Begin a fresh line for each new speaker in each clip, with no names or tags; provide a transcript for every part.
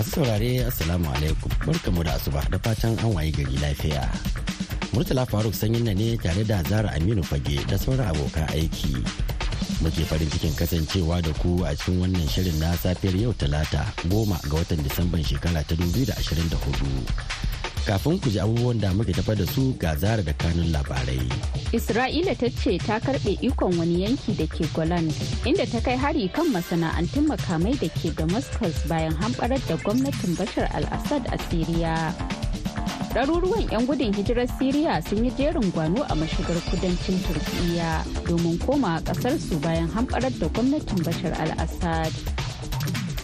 masu saurare assalamu alaikum barkamu da asuba da fatan an waye gari lafiya murtala faruk sanyin na ne tare da zara aminu fage da sauran abokan aiki muke farin cikin kasancewa da ku a cikin wannan shirin na safiyar yau talata goma ga watan disamban shekara ta 2024 kafin ku ji abubuwan da muke tafa da su ga zara da kanun labarai.
Isra'ila ta ce ta karbe ikon wani yanki da ke Golan inda ta kai hari kan masana'antun makamai da ke Damascus bayan hamɓarar da gwamnatin Bashar al-Assad a Siriya. Ɗaruruwan 'yan gudun hijirar Siriya sun yi jerin gwano a mashigar kudancin Turkiyya domin koma ƙasarsu bayan hamɓarar da gwamnatin Bashar al-Assad.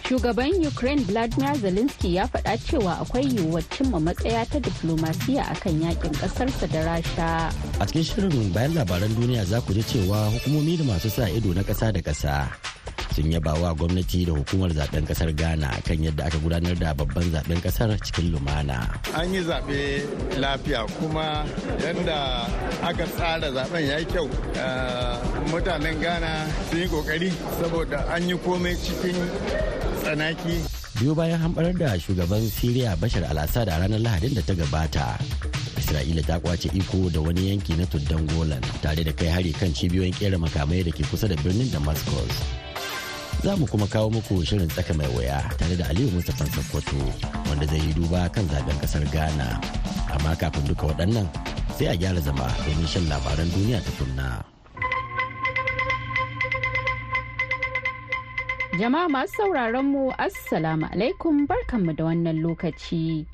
Shugaban Ukraine Vladimir Zelensky ya faɗa cewa akwai yiwuwar cimma matsaya ta diplomasiya kan yakin ƙasarsa da Rasha.
A cikin shirin bayan labaran duniya za ku ji cewa hukumomi da masu sa ido na ƙasa da ƙasa sun yaba wa gwamnati da hukumar zaben kasar ghana kan yadda aka gudanar da babban zaben kasar cikin lumana
an yi zaɓe lafiya kuma yadda aka tsara zaben ya yi kyau eh, mutanen ghana sun yi ƙoƙari saboda an yi komai cikin
tsanaki biyu bayan hamɓarar da shugaban siriya bashar al-assad a ranar lahadin da ta gabata isra'ila ta kwace iko da wani yanki na tuddan golan tare da kai hari kan cibiyoyin kera makamai da ke kusa da birnin damascus za mu kuma kawo muku shirin tsaka mai waya tare da aliyu mustapha sokoto wanda zai yi duba kan zaben kasar ghana amma kafin duka waɗannan sai a gyara zama domin shan labaran duniya ta
tukunna. Jama'a masu sauraron mu Assalamu alaikum barkanmu da wannan lokaci.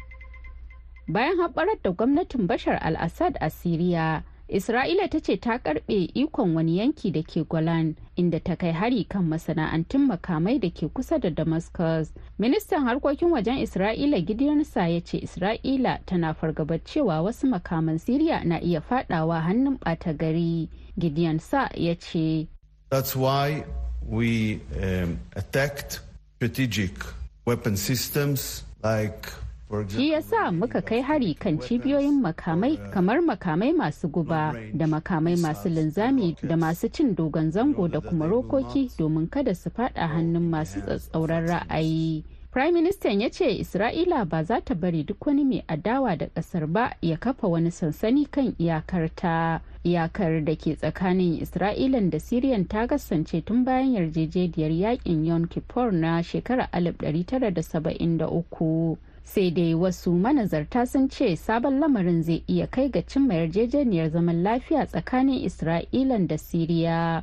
Bayan haɓarar da gwamnatin Bashar al-Assad a Siriya, Isra'ila ta ce ta karɓe ikon wani yanki da ke Golan inda ta kai hari kan masana'antun makamai da ke kusa da Damascus. Ministan harkokin wajen Isra'ila sa ya ce Isra'ila tana fargabar cewa wasu makaman Siriya na iya faɗawa hannun ɓata gari. gideon sa ya ce.
we um, attacked strategic weapon systems like Shi
ya sa muka kai hari kan cibiyoyin makamai kamar makamai masu guba da makamai masu linzami da masu cin dogon zango da kuma rokoki domin kada su fada hannun masu tsatsauran ra'ayi. Prime Minister ya ce Isra'ila ba za ta bari duk wani mai adawa da ƙasar ba ya kafa wani sansani kan iyakarta. Iyakar da ke tsakanin Isra'ilan da Siriyan ta kasance tun bayan yarjejeniyar yakin Yom Kippur na shekarar 1973. Sai dai wasu manazarta sun ce sabon lamarin zai iya kai ga cimma yarjejeniyar zaman lafiya tsakanin Isra'ilan da Siriya.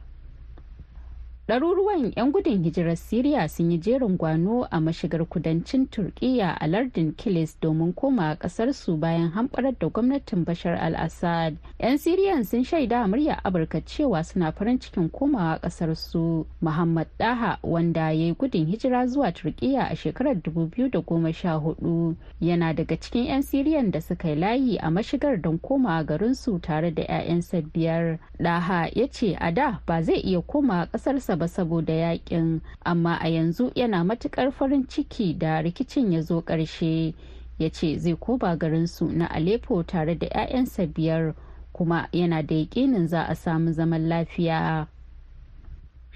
ɗaruruwan 'yan gudun hijirar siriya sun yi jerin gwano a mashigar kudancin turkiya a lardin kilis domin koma ƙasarsu bayan hamɓarar da gwamnatin bashar al-assad 'yan siriyan sun shaida murya amurka cewa suna farin cikin komawa ƙasarsu muhammad daha wanda ya yi gudun hijira zuwa turkiya a shekarar 2014 yana daga cikin 'yan siriyan da suka yi layi a mashigar don komawa garinsu tare da 'ya'yansa biyar daha ya ce a da ba zai iya komawa ƙasarsa ba saboda yakin amma a yanzu yana matukar farin ciki da rikicin ya zo ƙarshe ya ce zai koba garinsu na aleppo tare da 'ya'yansa biyar kuma yana da yakinin za a samu zaman lafiya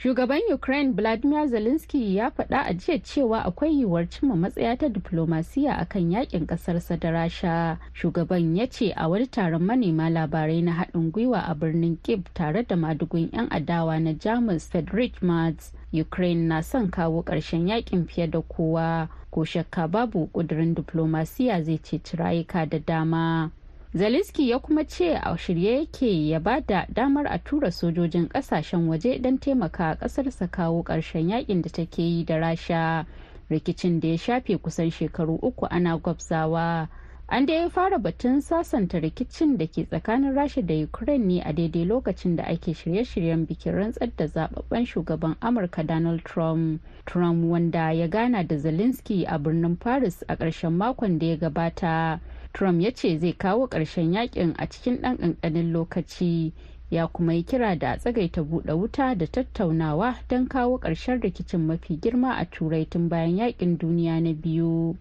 shugaban ukraine vladimir zelensky ya faɗa a jiya cewa akwai yiwuwar cimma matsaya ta diplomasiya akan yakin sa da rasha shugaban ya ce a wani taron manema labarai na haɗin gwiwa a birnin kiev tare da madugun 'yan adawa na jamus friedrich merz ukraine na son kawo ƙarshen yakin fiye da kowa ko shakka babu ƙudurin diplomasiya zai ce rayuka da dama zelensky ya kuma ce a shirye yake ya ba da damar a tura sojojin kasashen waje don taimaka kasarsa kawo ƙarshen yakin da take yi da rasha rikicin da ya shafe kusan shekaru uku ana gwabzawa an da ya fara batun sasanta rikicin da ke tsakanin rasha da ukraine ne a daidai lokacin da ake shirye-shiryen bikin rantsar da zababben shugaban amurka donald trump trump wanda ya gana da zelensky a birnin paris a ƙarshen makon da ya gabata trump ya ce zai kawo ƙarshen yakin a cikin ɗan ƙanƙanin lokaci ya kuma yi kira da a tsagaita buɗe wuta da tattaunawa don kawo ƙarshen rikicin mafi girma a turai tun bayan yakin duniya na biyu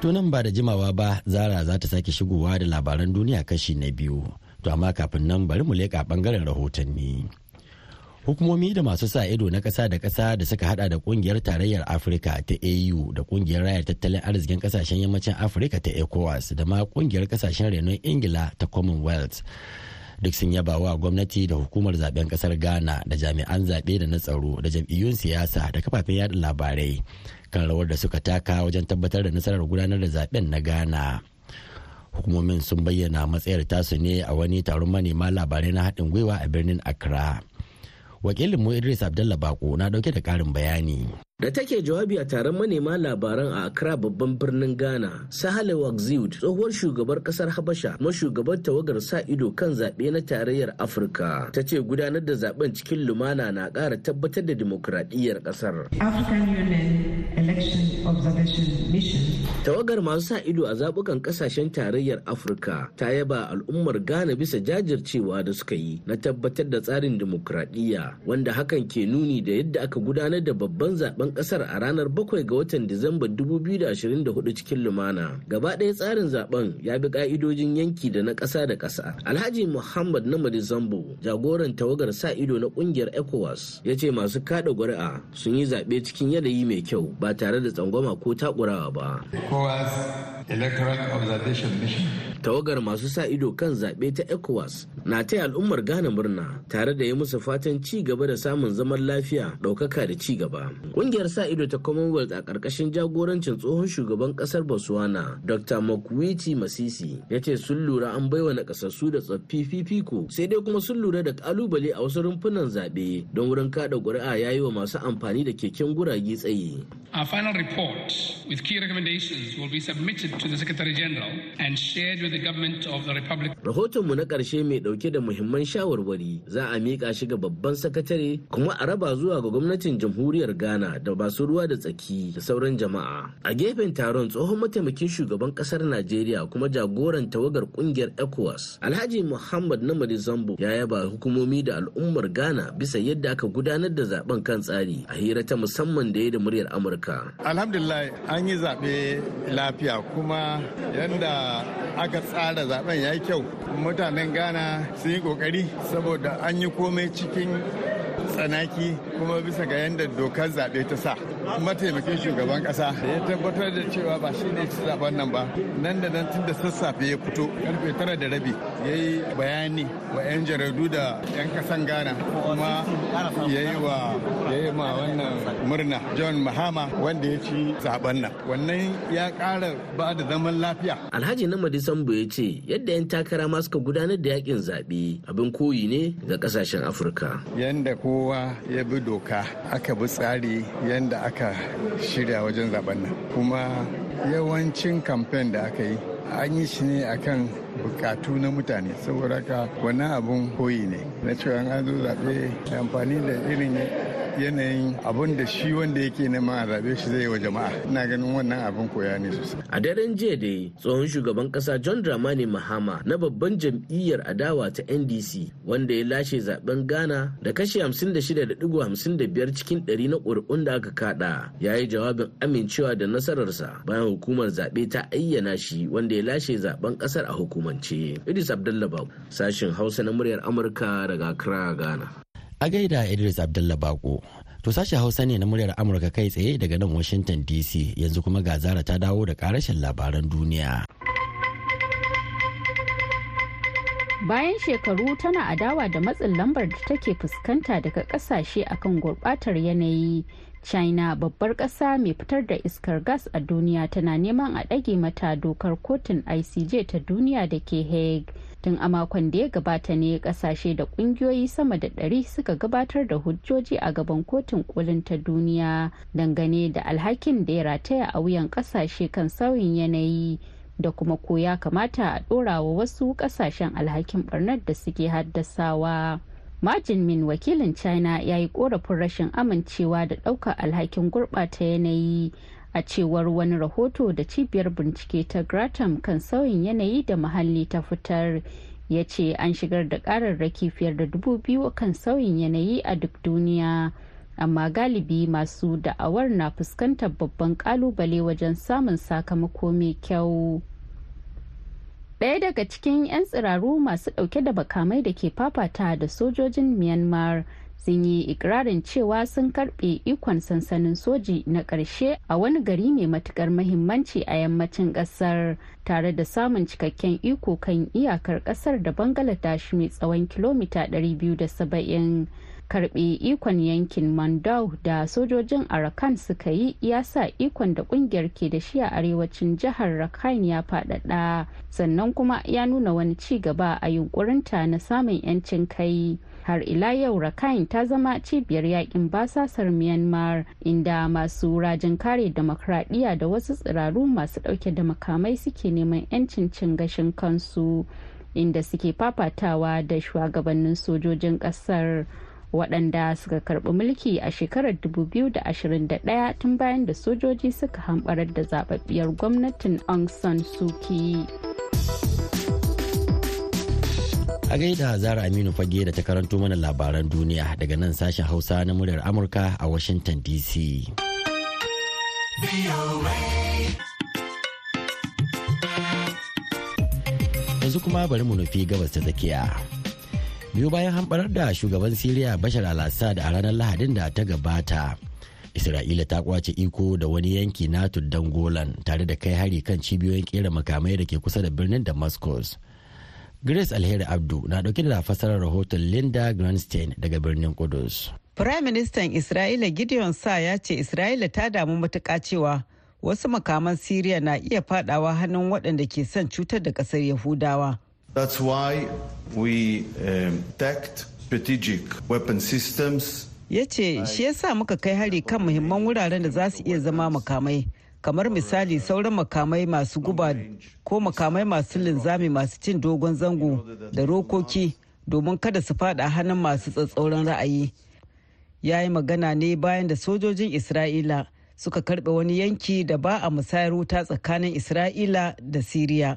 tunan ba da jimawa ba zara za ta sake shigowa da labaran duniya kashi na biyu to amma kafin nan bari mu leƙa ɓangaren rahotanni. hukumomi da masu sa ido na ƙasa da kasa da suka hada da kungiyar tarayyar afirka ta au da kungiyar rayar tattalin arzikin ƙasashen yammacin afirka ta ecowas da ma kungiyar ƙasashen renon ingila ta commonwealth duk sun yaba wa gwamnati da hukumar zaben kasar ghana da jami'an zaɓe da na tsaro da jam'iyyun siyasa da kafafen yada labarai kan rawar da suka taka wajen tabbatar da nasarar gudanar da zaben na ghana hukumomin sun bayyana matsayar tasu ne a wani taron manema labarai na haɗin gwiwa a birnin accra wakilin mu idris abdullah bako na dauke da karin bayani
Da take jawabi a taron manema labaran a Accra babban birnin Ghana, Sahale Waxiud, tsohuwar shugabar kasar Habasha, kuma shugabar tawagar sa ido kan zaɓe na tarayyar Afirka, ta ce gudanar da zaben cikin lumana na ƙara tabbatar da dimokuraɗiyyar ƙasar. Tawagar masu sa ido a zaɓukan ƙasashen tarayyar Afirka ta yaba al'ummar Ghana bisa jajircewa da suka yi na tabbatar da tsarin dimokuraɗiyya, wanda hakan ke nuni da yadda aka gudanar da babban zaɓen. zaben kasar a ranar 7 ga watan Disamba 2024 cikin lumana. Gaba ɗaya tsarin zaben ya bi ka'idojin yanki da na ƙasa da ƙasa. Alhaji Muhammad Namadi Zambo, jagoran tawagar sa ido na ƙungiyar ECOWAS, ya ce masu kada ƙuri'a sun yi zaɓe cikin yanayi mai kyau ba tare da tsangwama ko takurawa ba. Tawagar masu sa ido kan zaɓe ta ECOWAS na taya al'ummar Ghana murna tare da ya musu fatan ci gaba da samun zaman lafiya, ɗaukaka da ci gaba. Kungiyar sa ido ta Commonwealth a ƙarƙashin jagorancin tsohon shugaban ƙasar Botswana, Dr. mokwiti Masisi, ya ce sun lura an baiwa nakasassu da tsaffi fifiko, sai dai kuma sun lura da ƙalubale a wasu rumfunan zaɓe don wurin kaɗa ƙuri'a ya yi wa masu amfani da keken gurage tsaye.
Our final report with key recommendations be submitted to the Secretary General and shared with of the Republic.
Rahotonmu na ƙarshe mai ɗauke da muhimman shawarwari za a miƙa shi ga babban sakatare kuma a raba zuwa ga gwamnatin jamhuriyar Ghana da basu ruwa da tsaki da sauran jama'a a gefen taron tsohon mataimakin shugaban kasar najeriya kuma jagoran tawagar kungiyar ecowas alhaji muhammad namadi zambo ya yaba hukumomi da al'ummar ghana bisa yadda aka gudanar da zaben kan tsari a hira ta musamman da ya da muryar amurka
alhamdulillah an yi zaɓe lafiya kuma yadda aka tsara zaben ya yi kyau mutanen ghana sun yi kokari saboda an yi komai cikin tsanaki kuma bisa ga yadda dokar zaɓe ta sa mataimakin shugaban kasa da ya tabbatar da cewa ba shi ne zaben nan ba nan da nan tun da sassafe ya fito karfe tara da rabi ya yi bayani wa 'yan jaradu da 'yan kasan ghana kuma ya yi wa ya yi ma wannan murna john mahama wanda ya ci zaben nan wannan
ya ƙara ba da zaman lafiya alhaji na sambo ya ce yadda 'yan takara ma suka gudanar da yakin zaɓe abin koyi ne ga kasashen afirka yanda kowa ya bi
doka aka bi tsari yanda aka aka shirya wajen zaben nan kuma yawancin kamfen da aka yi an yi shi ne akan bukatu na mutane saboda ka wannan abun koyi ne na cewa an zo zaɓe amfani da irin yanayin abun da shi wanda yake neman a shi zai wa jama'a ina ganin wannan abin koya
ne sosai a daren jiya dai tsohon shugaban kasa john dramani mahama na babban jam'iyyar adawa ta ndc wanda ya lashe zaben ghana da kashi hamsin hamsin da da da shida digo biyar cikin ɗari na ƙuri'un da aka kaɗa ya yi jawabin amincewa da nasararsa bayan hukumar zaɓe ta ayyana shi wanda ya lashe zaben ƙasar a hukumance idris abdullahi sashin hausa na muryar amurka daga accra ghana
A gaida Idris Abdullah Bako. To sashi Hausa ne na muryar Amurka kai tsaye daga nan Washington DC yanzu kuma gazara ta dawo da karashin labaran duniya.
bayan shekaru tana adawa da matsin lambar da take fuskanta daga kasashe akan gurbatar yanayi china babbar kasa mai fitar da iskar gas a duniya tana neman a ɗage mata dokar kotun icj ta duniya da ke hague tun a makon da ya gabata ne kasashe da kungiyoyi sama da ɗari suka gabatar da hujjoji a gaban kotun kolin ta duniya dangane da alhakin da ya rataya a wuyan kasashe kan sauyin yanayi da kuma ko ya kamata a ɗorawa wasu ƙasashen alhakin barnar da suke haddasawa. Majin Min wakilin China ya yi korafin rashin amincewa da ɗaukar alhakin gurɓata yanayi a cewar wani rahoto da cibiyar bincike ta Gratam kan sauyin yanayi da muhalli ta fitar. ya ce an shigar da ƙararraki fiyar da dubu biyu kan sauyin yanayi a duk duniya amma galibi masu da'awar na fuskantar babban kalubale wajen samun sakamako mai kyau ɗaya daga cikin 'yan tsiraru masu dauke da bakamai da ke fafata da sojojin myanmar sun yi ikirarin cewa sun karbe ikon sansanin soji na karshe a wani gari mai matukar mahimmanci a yammacin kasar tare da samun cikakken iko kan iyakar kasar da bangaladesh mai tsawon kilomita 270 karbe ikon yankin mandau da sojojin arakan suka yi ya sa ikon da kungiyar ke da shi a arewacin jihar rakhine ya fadada sannan kuma ya nuna wani ci gaba a yunkurinta na samun 'yancin kai har ila yau rakhine ta zama cibiyar yakin basasar myanmar inda masu rajin kare demokradiyya da wasu tsiraru masu dauke da makamai suke neman 'yancin cin gashin kansu inda suke fafatawa da shugabannin sojojin kasar. waɗanda suka karɓi mulki a shekarar 2021 tun bayan da sojoji suka hamɓarar da zababbiyar gwamnatin aung san suu kyi
a gaida zara aminu fage da ta karanto mana labaran duniya daga nan sashen hausa na muryar amurka a washington dc yanzu kuma bari mu nufi gabas ta tsakiya biyu bayan hamɓarar da shugaban siriya bashar al-assad a ranar lahadin da ta gabata isra'ila ta kwace iko da wani yanki na tuddan golan tare da kai hari kan cibiyoyin kera makamai da ke kusa da birnin damascus grace alheri abdu na dauke da fasarar rahoton linda grandstein daga birnin kudus
firaministan isra'ila gideon sa ya ce isra'ila ta damu matuka cewa wasu makaman siriya na iya fadawa hannun waɗanda ke son cutar da ƙasar yahudawa That's why
we um, tacked strategic weapon systems.
Ya ce, shi yasa muka kai hari kan muhimman wuraren da za su iya zama makamai, kamar misali sauran makamai masu guba ko makamai masu linzami masu cin dogon zango da rokoki domin kada su fada hannun masu tsatsauran ra'ayi. Ya yi magana ne bayan da sojojin Isra'ila suka karɓe wani yanki da ba a musayar wuta tsakanin Isra'ila da Siriya.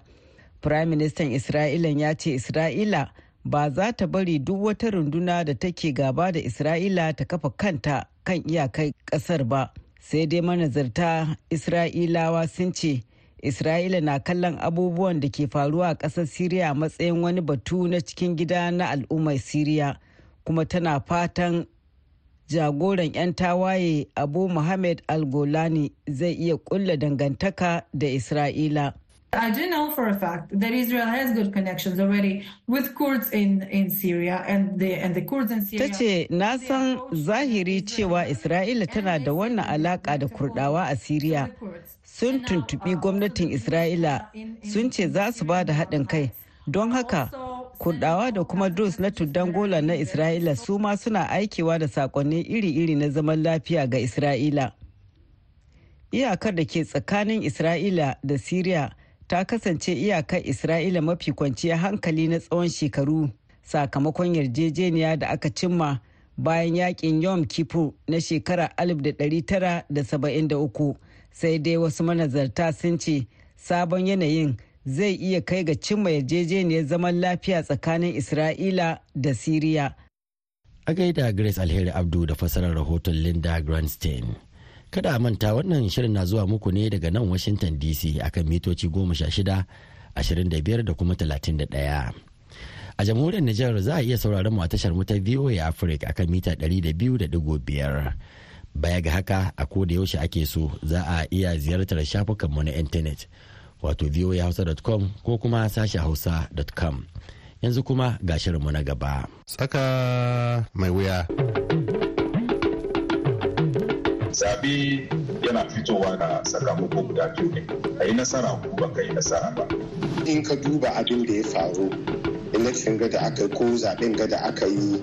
firaministan Isra'ilan Isra'ila ya ce Isra'ila ba za ta bari duk wata runduna da take gaba da Isra'ila ta kafa kanta kan iyakai kasar ba. Sai dai manazarta Isra'ilawa sun ce Isra'ila na kallon abubuwan da ke faruwa a ƙasar Siriya matsayin wani batu na cikin gida na al'ummar Siriya kuma tana fatan jagoran 'yan tawaye Abu Muhammad Al-Golani zai iya kulla dangantaka da Isra'ila.
I do know for a fact that Israel has good connections already with Kurds in, in Syria and the, and the Kurds in Syria. Tace
na san zahiri cewa Isra'ila tana da wannan alaka da Kurdawa a Syria. Sun tuntubi uh, gwamnatin Isra'ila sun ce za su ba da haɗin kai. Don haka, Kurdawa da kuma Druze na tuddan gola na Isra'ila su ma suna aikewa da sakonni iri-iri na zaman lafiya ga Isra'ila. Iyakar da ke tsakanin Isra'ila da Syria ta kasance iyakar Isra'ila mafi kwanciya hankali na tsawon shekaru sakamakon yarjejeniya da aka cimma bayan yakin Yom Kippur na shekarar 1973 sai dai wasu manazarta sun ce sabon yanayin zai iya kai ga cimma yarjejeniyar zaman lafiya tsakanin Isra'ila da Siriya.
A gaida Grace Alheri Abdu da fasarar rahoton Linda Grandstein. Kada a manta wannan shirin na zuwa muku ne daga nan Washington DC akan mitoci goma sha shida, ashirin da da kuma talatin A jamhuriyar Nijar za a iya sauraron mu a tashar mu ta VOA Africa akan mita ɗari da biyu da Baya ga haka a ko da yaushe ake so za a iya ziyartar mu na intanet wato voahausa.com ko kuma sashi hausa.com. yanzu kuma ga shirinmu na gaba. Tsaka mai wuya.
zaɓe yana fitowa da sakamako guda biyu ne a yi nasara ko ba ka yi nasara ba in ka duba abin da ya faru election
ga da aka yi ko zaben gada da aka yi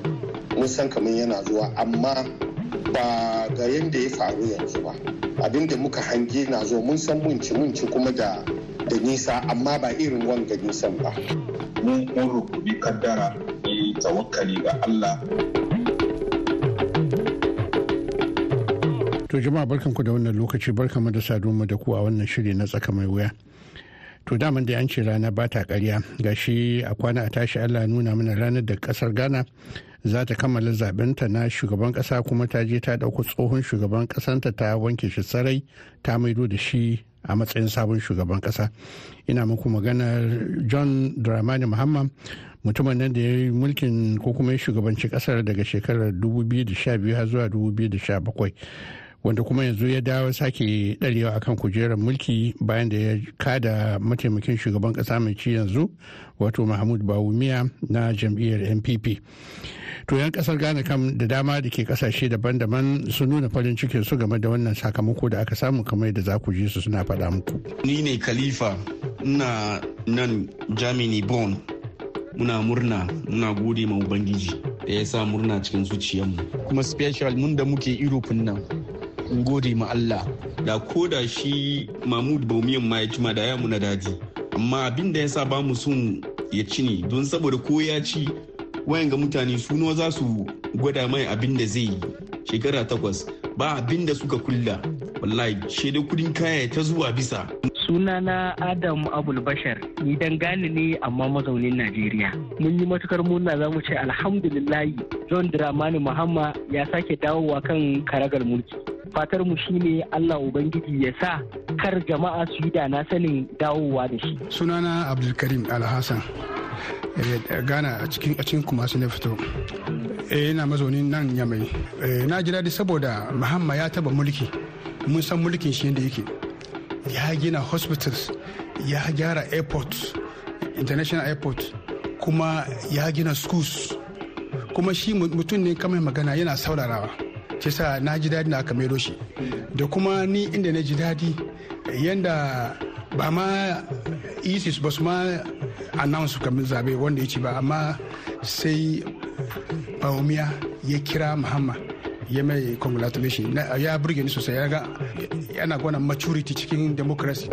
mun san kamar yana zuwa amma ba ga yadda ya faru yanzu ba abin da muka hange na zo mun san munci munci kuma da da nisa amma ba irin wanga nisan ba mun rubuta
kaddara tawakkali ga Allah
To jama'a barkanku da wannan lokaci mu da saduwa da ku a wannan shiri na tsaka mai wuya. To daman da an ce rana ba ta karya gashi a kwana a tashi Allah nuna mana ranar da kasar Ghana za ta kammala ta na shugaban kasa kuma ta je ta ɗauko tsohon shugaban kasanta ta wanke shi sarai ta maido da shi a matsayin sabon shugaban kasa ina muku magana john dramani muhammad mutumin nan da ya yi mulkin ko kuma ya shugabanci kasar daga shekarar 2012 har zuwa 2017 wanda kuma yanzu ya dawo sake ɗarewa kan kujerar mulki bayan da ya kada mataimakin shugaban ƙasa mai ci yanzu wato mahmud bawumiya na jam'iyyar npp to yan ƙasar ghana kam da dama da ke kasashe daban-daban su nuna farin cikin su game da wannan sakamako da aka samu kamar da za ku ji su suna faɗa muku
ni ne khalifa ina nan germany born muna murna muna gode ma ubangiji da ya sa murna cikin zuciyarmu kuma special mun da muke europe nan in gode ma Allah. Da ko da shi Mahmud Baumiyan ma ya ci da ya muna daji. Amma abin da ya sa ba mu son ya ci ne don saboda ko ya ci wayan ga mutane suno za su gwada mai abin da zai yi shekara takwas ba abin da suka kulla wallahi shaida kudin kaya ta zuwa bisa. Sunana Adam Abul Bashar, ni dangane ne amma mazaunin Najeriya. Mun yi matukar murna za mu ce alhamdulillahi John Dramani Muhammad ya sake dawowa kan karagar mulki. fatar mu shine Allah ubangiji ya sa kar jama'a su yi da na sanin dawowa da shi sunana abdulkarim alhassan
eh,
gana a cikin su na fito eh, na mazaunin nan yamai eh, na ji daɗi saboda muhamma ya taba mulki mun san mulkin shi yadda yake ya gina hospitals ya gyara airport international airport kuma ya gina schools kuma shi mutum ne kamar magana yana saurarawa shi na ji daɗi na aka shi da kuma ni inda na ji daɗi yadda ba ma isis ba su ma announce kamar zabe wanda ya ci ba amma sai baumiya ya kira muhammad ya mai congratulation ya burge ni sosai ya ga yana gwana maturity cikin democracy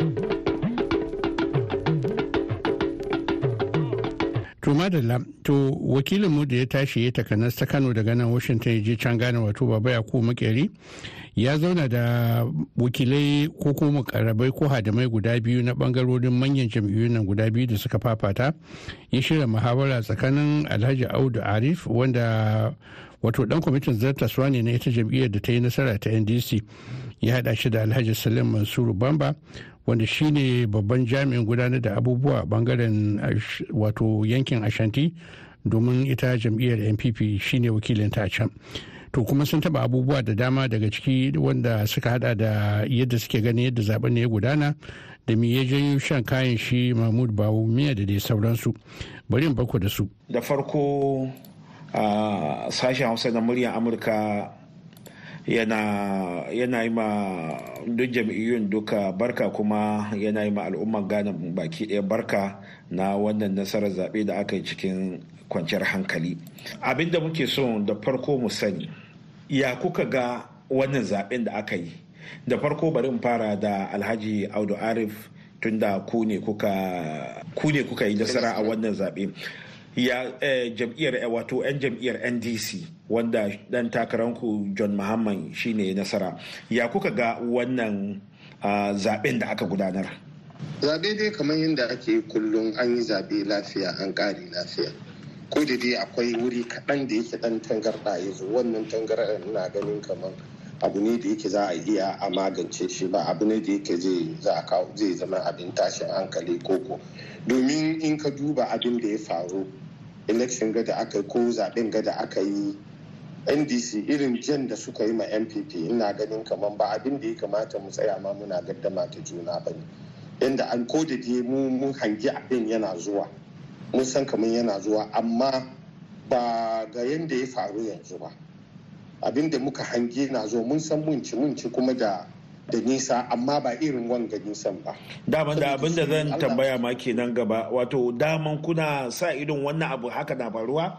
To madalla to wakilin mu da ya tashi ya takanas ta Kano daga nan Washington ya je can gane wato baba ya ku makeri ya zauna da wakilai ko ko karabai ko hadamai guda biyu na bangarorin manyan jam'iyyun nan guda biyu da suka fafata ya shirya muhawara tsakanin Alhaji Audu Arif wanda wato dan kwamitin zartaswa ne na ita jam'iyyar da ta yi nasara ta NDC ya hada shi da Alhaji Salim Mansuru Bamba wanda shine babban jami'in gudanar da abubuwa bangaren wato yankin ashanti domin ita jam'iyyar npp shine wakilinta a can to kuma sun taba abubuwa da dama daga ciki wanda suka hada da yadda suke ganin yadda zaben ya gudana da me ya janyo shan kayan shi mahmud bawo miya da dai sauransu bari in bako da su
da farko a ah, sashen hausa da muryar amurka yana yana yi ma duk jam'iyyun duka barka kuma yana yi ma al'ummar ghana baki ɗaya barka na wannan nasarar zaɓe da aka yi cikin kwanciyar hankali abin da muke so da farko mu sani ya kuka ga wannan zaɓen da aka yi da farko bari in fara da alhaji audu arif tunda ku ne kuka yi nasara a wannan zaɓe ya eh, jam'iyyar eh, wato 'yan jam'iyyar ndc wanda dan takaranku john muhammad shine nasara ya kuka ga wannan ah, zaben da aka gudanar
zabe dai kamar yadda ake kullum an yi zabe lafiya an kare lafiya ko da dai akwai wuri kaɗan da yake ɗan tangarɗa ya zo wannan tangarɗa na ganin kamar abu ne da yake za a iya a magance shi ba abu ne da yake zai zama abin tashin hankali koko domin in ka duba abin da ya faru election gada da aka yi ko zaɓen gada aka yi ndc irin jan da suka yi ma mpp ina ganin kamar ba abin da ya kamata mu tsaya ma muna gaddama ta juna ba ne yadda an ko da mu mun hangi abin yana zuwa mun san kamar yana zuwa amma ba ga yadda ya faru yanzu ba abin muka hange na zo mun san mun ci mun ci kuma da da nisa amma ba irin wanga nisan ba.
Daman da abin da zan tambaya ma kenan gaba wato daman kuna sa irin wannan abu haka na faruwa?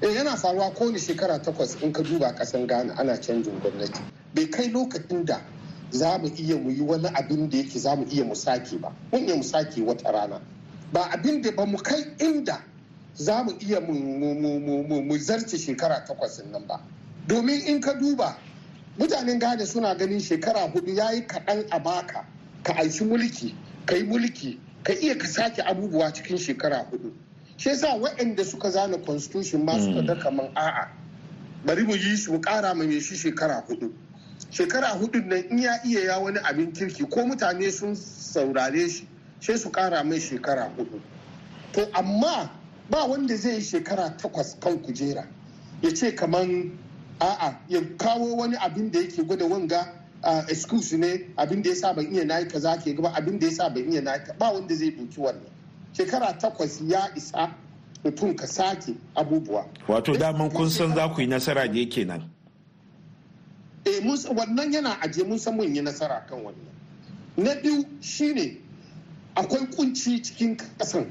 Eh yana faruwa kowane shekara takwas in ka duba kasan gana ana canjin
gwamnati. Bai kai lokacin da za mu iya mu yi wani abin da yake za mu iya mu sake ba. Mun iya mu sake wata rana. Ba abin da ba mu kai inda za mu iya mu zarce shekara takwas nan ba. domin in ka duba mutanen gane suna ganin shekara hudu ya yi kaɗan a baka ka aiki mulki ka yi mulki ka iya ka sake abubuwa cikin shekara hudu shi yasa waɗanda suka zana constitution masu su da mm. kaman a'a bari mu yi su mu ƙara mai shi shekara hudu shekara hudu nan in ya iya ya wani abin kirki ko mutane sun saurare shi sai su ƙara mai shekara hudu to amma ba wanda zai yi shekara takwas kan kujera ya ce kaman a'a ya kawo wani abin da yake gwada wanga excuse ne abin da sa ban iya na ka kaza yi gaba abin da sa ban iya na ka ba wanda zai doki wannan shekara takwas ya isa mutum ka sake abubuwa
wato daman kun san za ku yi nasara ne kenan
eh wannan yana aje mun san mun yi nasara kan wannan na biyu shine akwai kunci cikin kasan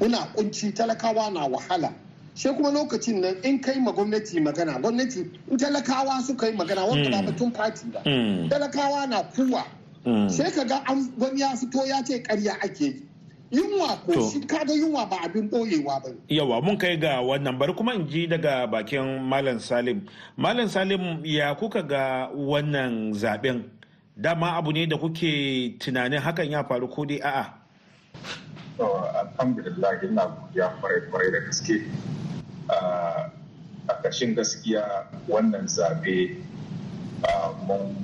muna kunci talakawa na wahala sai kuma lokacin nan in kai ma gwamnati magana gwamnati in talakawa su yi magana wanda ba mm. batun fati ba mm. talakawa na kuwa mm. sai ka ga wani ya fito ya ce karya ake yunwa ko shi ka ga yunwa ba abin boyewa ba
yawa mun kai ga wannan bari kuma in ji daga bakin malam salim malam salim ya kuka ga wannan zaben dama abu ne da kuke tunanin hakan ya faru ko dai a'a
alhamdulillah ina godiya kwarai kwarai da gaske a ƙarshen gaskiya wannan zaɓe mun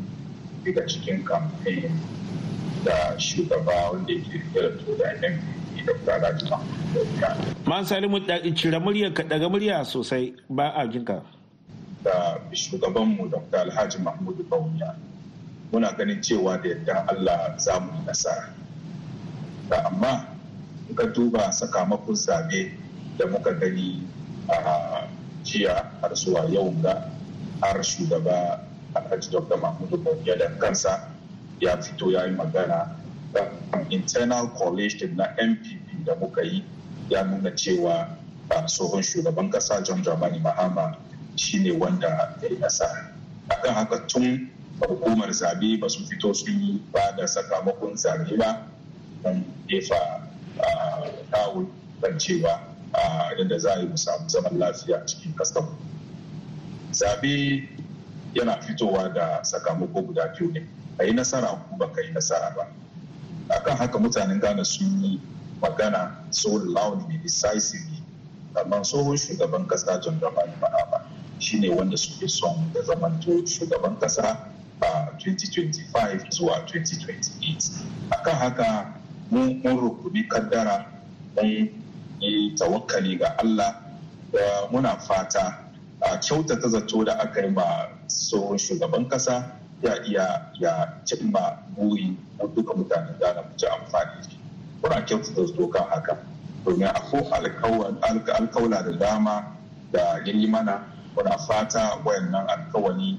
daga cikin kamfen da shugaba wanda ke da tunanin
Man Salimu cire murya ka daga murya sosai ba a jinka.
Da shugabanmu Dr. Alhaji Mahmudu Bauniya muna ganin cewa da yadda Allah za mu nasara. Da amma ka duba sakamakon zabe da muka gani a ah, jiya har zuwa yau ga har shugaba alhaji dr mahmudu bauchi da kansa ya fito ya yi magana da internal coalition na npp da muka yi ya nuna cewa a tsohon shugaban kasa john dramani mahama ne wanda ya yi nasa. A kan haka tun hukumar zabe ba su fito sun yi ba da sakamakon zabe ba don jefa kawun ah, cewa A yadda za a yi mu samu zaman lafiya a cikin kasar zabe yana fitowa da sakamako guda biyu ne a yi nasara ko ba ka yi nasara ba akan haka mutanen ghana sun yi magana loud ne decisively kamar tsohon shugaban kasa john dramani shi shine wanda suke son da zamanto shugaban kasa a 2025 zuwa 2028 akan haka mun rukuni kaddara mun yi tawakkali ga Allah da muna fata a ta zato da aka yi ma tsohon shugaban kasa ya iya ya cimma buri na duka mutane da na ci amfani shi kyauta ta zato kan haka domin akwai alkawla da dama da yi mana muna fata wayannan alkawali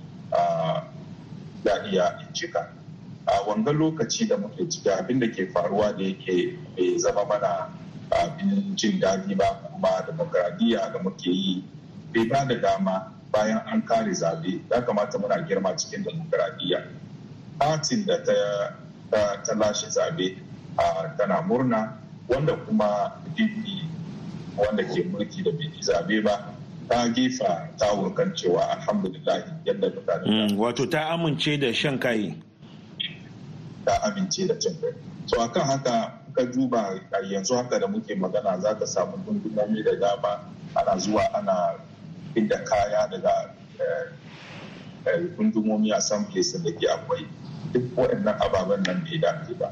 ya iya cika a wanga lokaci da muke ciki abin da ke faruwa da yake bai zama mana abin jin daɗi ba kuma demokradiyya da muke yi bai ba da dama bayan an kare zaɓe ya kamata muna girma cikin demokradiyya batin da ta lashe zaɓe tana murna wanda kuma dp wanda ke mulki da bai zaɓe ba ta gefa ta wurkan cewa alhamdulillah yadda mutane
mm, wato ta amince da shan kayi
ta amince da cin so akan haka ka duba a yanzu haka da muke magana za ka samu gundumomi da dama ana zuwa ana inda kaya daga eh, eh, gundumomi a san place da ke akwai duk waɗannan ababen nan bai dace ba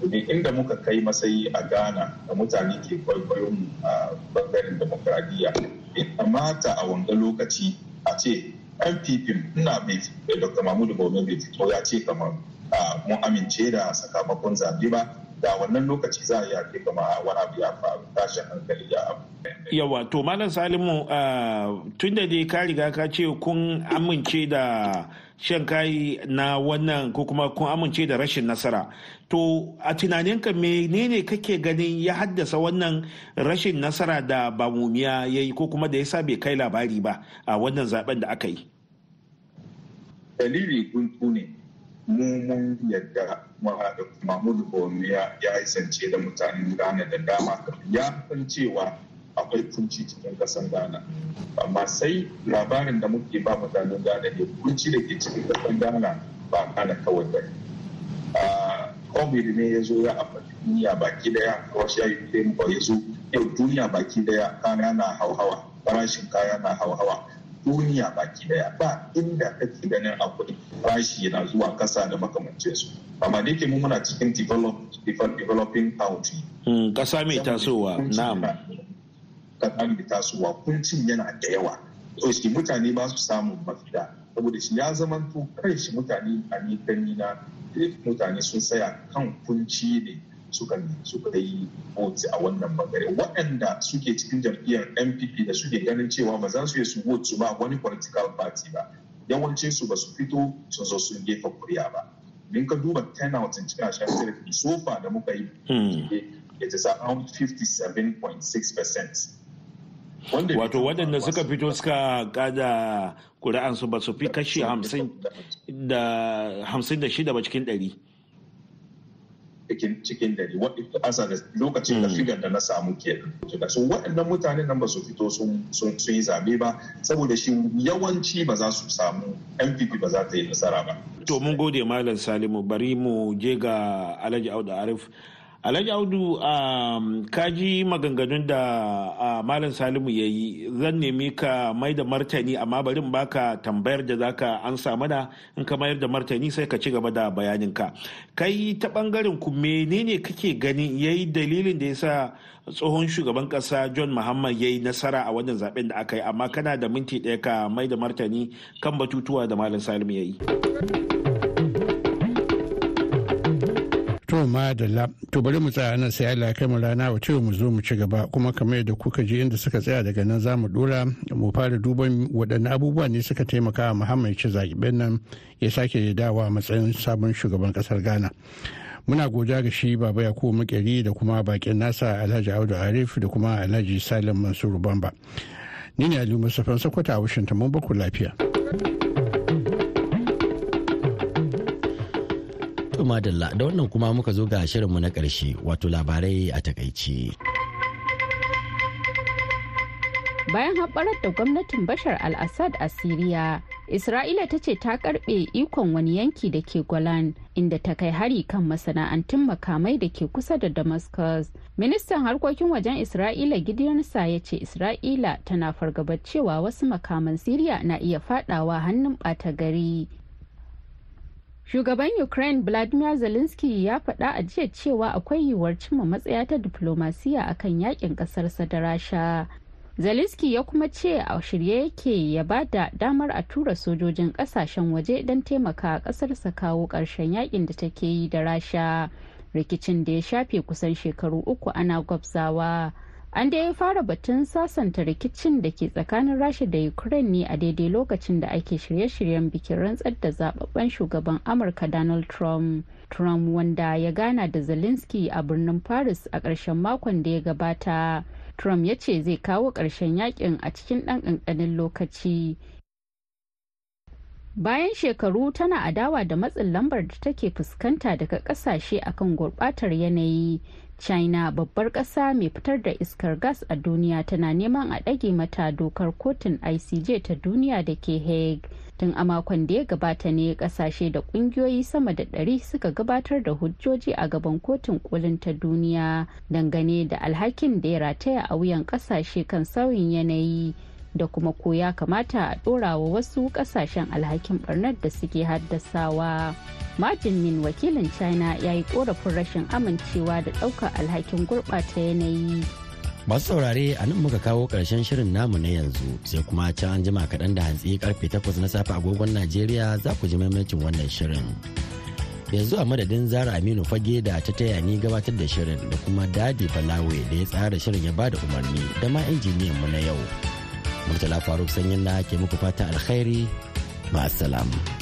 domin inda muka kai masayi a ghana da mutane ke kwaikwayon a bangaren demokradiyya ya kamata a wanga lokaci a ce npp ina mai eh, dr mahmudu bai fito ya ce kamar ah, mun amince da sakamakon zabe ba da wannan lokaci za a yi ake kuma wani abu ya faru tashin hankali ya abu.
Yawa to Malam Salimu ah, tun da dai ka riga ka ce kun amince da shan kayi na wannan ko kuma kun amince da rashin nasara. To a tunaninka menene kake ganin ya haddasa wannan rashin nasara da ba mumiya ya yi ko kuma da ya sa bai kai labari ba a wannan zaben da aka yi?
Dalili guntu ne. mu mun yadda mahmudu bomi ya isance da mutane ghana da dama ya san cewa akwai kunci cikin kasan ghana amma sai labarin da muke ba mutanen ghana ne kunci da ke cikin kasan ghana ba kana kawai ba covid ne ya zo ya amfani duniya baki daya russia ukraine ba ya zo yau duniya baki daya kaya na hauhawa farashin kaya na hauhawa duniya baki daya ba inda kake ganin akwai bashi yana zuwa kasa da makamancin su amma da yake mu muna cikin developing country
hmm, kasa mai tasowa na'am
kasa mai tasowa kuncin yana da yawa to shi mutane ba su samun mafita saboda shi ya zama to kai shi mutane a ni na mutane sun saya kan kunci ne suka yi vote a wannan bangare waɗanda suke cikin jam'iyyar npp da suke ganin cewa ba za su yi su vote su ba wani political party ba yawanci su ba su fito su zo sun gefa kuriya ba min ka duba turnout in cikin ashirin sirri sofa da muka yi hmm.
eh, it is around 57.6 wato waɗanda suka fito suka kada ƙuri'ansu ba su fi kashi hamsin da shida ba cikin ɗari cikin dari as a lokacin da hmm. figar da na samu kenan su waɗannan mutanen nan ba
su fito sun yi zabe ba saboda shi yawanci ba za su samu npp ba za ta yi nasara ba
to mun gode malam salimu bari mu je ga alhaji auda arif Alhaji Audu um, kaji maganganun da uh, Malam Salimu ya yi zan nemi ka mai da martani amma barin baka tambayar da zaka an samu mana in ka mayar da martani sai ka ci gaba da bayaninka. Kai ta bangaren ku menene kake gani yayi dalilin da ya sa tsohon shugaban kasa John Muhammad ya yi nasara a wannan zaben da aka yi amma kana da minti ɗaya ka mai da martani kan batutuwa da Malam Salimu ya yi.
To la to bari mu tsaya nan sai Allah kai mu rana wa ce mu zo mu ci gaba kuma kamar yadda kuka ji inda suka tsaya daga nan za mu dora mu fara duban waɗanne abubuwa ne suka taimaka wa Muhammad ci zaɓen nan ya sake dawa matsayin sabon shugaban kasar Ghana. Muna godiya ga shi Baba Yakubu Makeri da kuma bakin nasa Alhaji Audu Arif da kuma Alhaji Salim Mansur Bamba. Ni ne Ali Mustapha Sokoto a Washington mun baku lafiya.
To madalla da wannan kuma muka zo ga shirinmu na ƙarshe wato labarai a takaice.
Bayan haɓarar da gwamnatin Bashar al-Assad a Siriya, Isra'ila ta ce ta karɓe ikon wani yanki da ke Golan inda ta kai hari kan masana'antun makamai da ke kusa da Damascus. Ministan harkokin wajen Isra'ila gidansa ya ce Isra'ila tana fargabar cewa wasu makaman Siriya na iya faɗawa hannun ɓata gari. Shugaban Ukraine Vladimir Zelensky ya faɗa a jiya cewa akwai yiwuwar cimma matsaya ta diplomasiya akan yakin ƙasarsa da Rasha. Zelensky ya kuma ce a shirye yake ya ba da damar a tura sojojin ƙasashen waje don taimaka a ƙasarsa kawo ƙarshen yakin da take yi da Rasha. Rikicin da ya shafe kusan shekaru uku ana gwabzawa. an da ya fara batun sasanta rikicin da ke tsakanin rasha da ukraine ne a daidai lokacin da ake shirye-shiryen bikin rantsar da zababben shugaban amurka donald trump trump wanda ya gana da zelensky a birnin paris a ƙarshen makon da ya gabata trump ya ce zai kawo ƙarshen yakin a cikin ɗan ƙanƙanin lokaci bayan shekaru tana adawa da matsin lambar da take fuskanta daga kasashe akan gurbatar yanayi china babbar ƙasa mai fitar da iskar gas a duniya tana neman a ɗage mata dokar kotun icj ta duniya da ke hague tun a makon da ya gabata ne ƙasashe da ƙungiyoyi sama da ɗari suka gabatar da hujjoji a gaban kotun ƙolin ta duniya dangane da alhakin da ya rataya a wuyan ƙasashe kan sauyin yanayi da kuma ko ya kamata a wa wasu kasashen alhakin barnar da suke haddasawa. Majin Min wakilin China ya yi korafin rashin amincewa da ɗaukar alhakin gurɓata yanayi.
Masu saurare a nan muka kawo ƙarshen shirin namu na yanzu sai kuma can an jima kaɗan da hantsi karfe takwas na safe agogon Najeriya za ku ji maimacin wannan shirin. Yanzu a madadin Zara Aminu Fage da ta taya ni gabatar da shirin da kuma Dadi balawe da ya tsara shirin ya bada umarni da ma injiniyan mu na yau. Murtala Faruk sanyin na ke muku fata alkhairi. Ma'assalam.